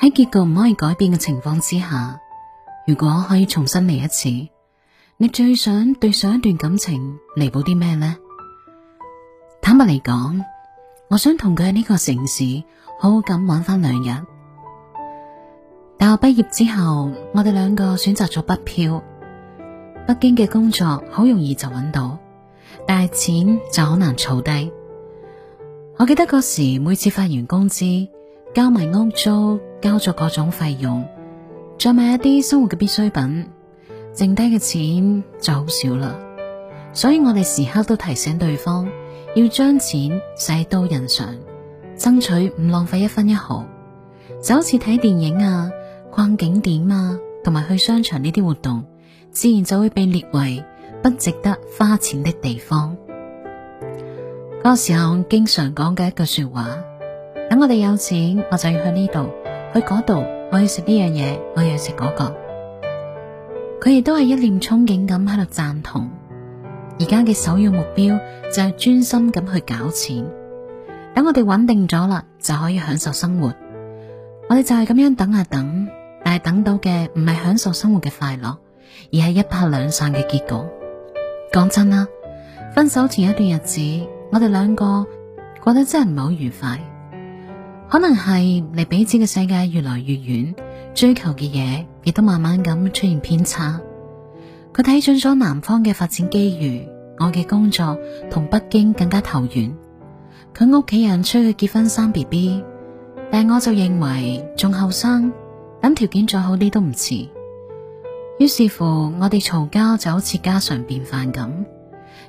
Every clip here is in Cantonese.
喺結局唔可以改變嘅情況之下，如果可以重新嚟一次，你最想對上一段感情彌補啲咩呢？坦白嚟講，我想同佢喺呢個城市好好咁玩翻兩日。大學畢業之後，我哋兩個選擇咗北漂。北京嘅工作好容易就揾到，但係錢就好難儲低。我記得嗰時每次發完工資。交埋屋租，交咗各種費用，再買一啲生活嘅必需品，剩低嘅錢就好少啦。所以我哋時刻都提醒對方，要將錢使到人上，爭取唔浪費一分一毫。就好似睇電影啊、逛景點啊，同埋去商場呢啲活動，自然就會被列為不值得花錢的地方。嗰、那個、時候我經常講嘅一句說話。我哋有錢，我就要去呢度，去嗰度，我要食呢樣嘢，我要食嗰個。佢亦都係一念憧憬咁喺度贊同。而家嘅首要目標就係專心咁去搞錢，等我哋穩定咗啦，就可以享受生活。我哋就係咁樣等啊等，但係等到嘅唔係享受生活嘅快樂，而係一拍兩散嘅結果。講真啦，分手前一段日子，我哋兩個過得真係唔係好愉快。可能係離彼此嘅世界越來越遠，追求嘅嘢亦都慢慢咁出現偏差。佢睇準咗南方嘅發展機遇，我嘅工作同北京更加投緣。佢屋企人催佢結婚生 B B，但我就認為仲後生，等條件再好啲都唔遲。於是乎，我哋嘈交就好似家常便飯咁，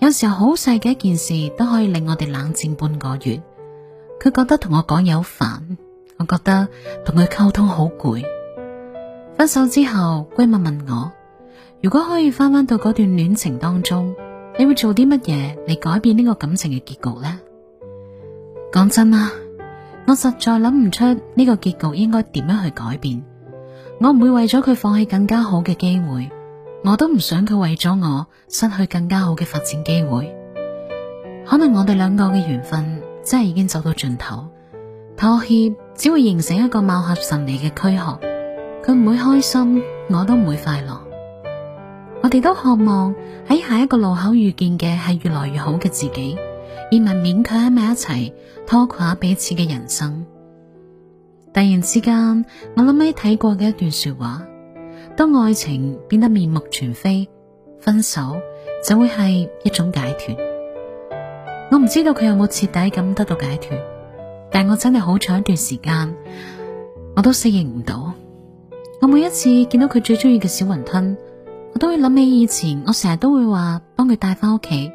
有時候好細嘅一件事都可以令我哋冷戰半個月。佢覺得同我講有煩，我覺得同佢溝通好攰。分手之後，閨蜜問，問我，如果可以翻返到嗰段戀情當中，你會做啲乜嘢嚟改變呢個感情嘅結局呢？講真啊，我實在諗唔出呢個結局應該點樣去改變。我唔會為咗佢放棄更加好嘅機會，我都唔想佢為咗我失去更加好嘅發展機會。可能我哋兩個嘅緣分。真係已經走到盡頭，妥協只會形成一個貌合神離嘅軀殼，佢唔會開心，我都唔會快樂。我哋都渴望喺下一個路口遇見嘅係越來越好嘅自己，而唔勉強喺埋一齊拖垮彼此嘅人生。突然之間，我諗起睇過嘅一段說話：當愛情變得面目全非，分手就會係一種解脫。我唔知道佢有冇徹底咁得到解脱，但我真係好長一段時間，我都適應唔到。我每一次見到佢最中意嘅小雲吞，我都會諗起以前我成日都會話幫佢帶翻屋企。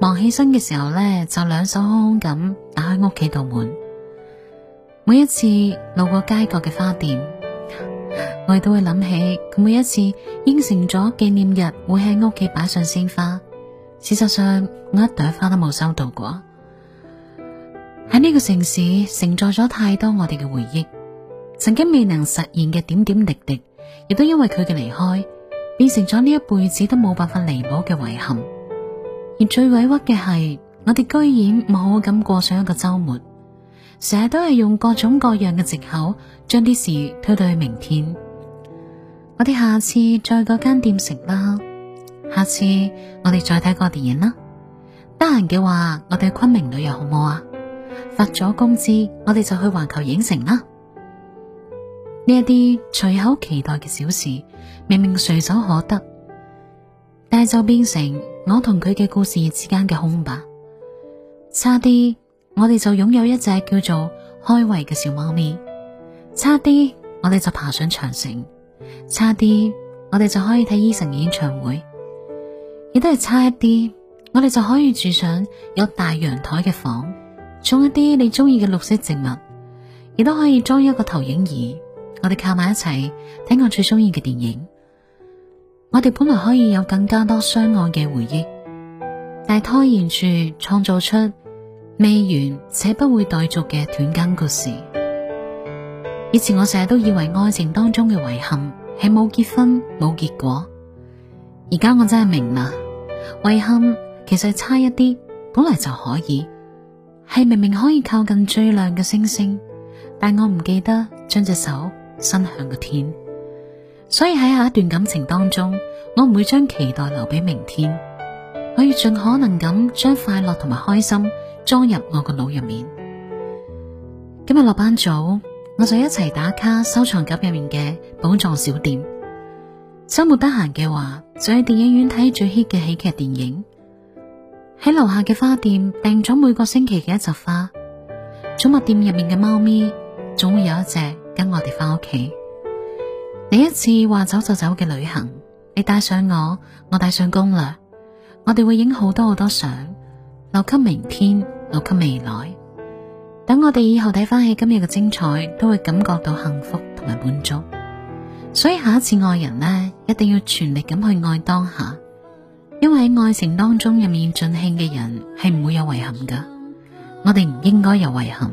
忙起身嘅時候咧，就兩手空空咁打開屋企度門。每一次路過街角嘅花店，我亦都會諗起佢每一次應承咗紀念日會喺屋企擺上鮮花。事實上，我一朵花都冇收到過。喺呢個城市，承載咗太多我哋嘅回憶，曾經未能實現嘅點點滴滴，亦都因為佢嘅離開，變成咗呢一輩子都冇辦法彌補嘅遺憾。而最委屈嘅係，我哋居然冇好咁過上一個周末，成日都係用各種各樣嘅借口，將啲事推到去明天。我哋下次再去嗰間店食啦。下次我哋再睇個電影啦。得閒嘅話，我哋去昆明旅遊好唔好啊？發咗工資，我哋就去環球影城啦。呢一啲隨口期待嘅小事，明明隨手可得，但係就變成我同佢嘅故事之間嘅空白。差啲我哋就擁有一隻叫做開胃嘅小貓咪。差啲我哋就爬上長城。差啲我哋就可以睇 Eason 演唱會。都係差一啲，我哋就可以住上有大陽台嘅房，種一啲你中意嘅綠色植物，亦都可以裝一個投影儀。我哋靠埋一齊睇我最中意嘅電影。我哋本來可以有更加多相愛嘅回憶，但係拖延住創造出未完且不會待續嘅斷更故事。以前我成日都以為愛情當中嘅遺憾係冇結婚冇結果，而家我真係明啦。遺憾其實差一啲，本來就可以係，明明可以靠近最亮嘅星星，但我唔記得將隻手伸向個天。所以喺下一段感情當中，我唔會將期待留俾明天，我要盡可能咁將快樂同埋開心裝入我個腦入面。今日落班早，我就一齊打卡收藏夾入面嘅寶藏小店。周末得閒嘅話，就去電影院睇最 hit 嘅喜劇電影。喺樓下嘅花店訂咗每個星期嘅一扎花。寵物店入面嘅貓咪，總會有一隻跟我哋翻屋企。第一次話走就走嘅旅行，你帶上我，我帶上攻略，我哋會影好多好多相，留給明天，留給未來。等我哋以後睇翻起今日嘅精彩，都會感覺到幸福同埋滿足。所以下一次愛人咧，一定要全力咁去愛當下，因為喺愛情當中入面盡興嘅人係唔會有遺憾噶，我哋唔應該有遺憾。